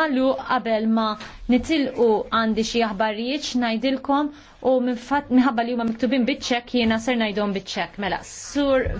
għallu qabel ma nitilqu għandi xi aħbarijiet x'ngħidilkom u minħabba li huma miktubin biċ-ċekk jiena ser ngħidhom biċ-ċekk. Mela, sur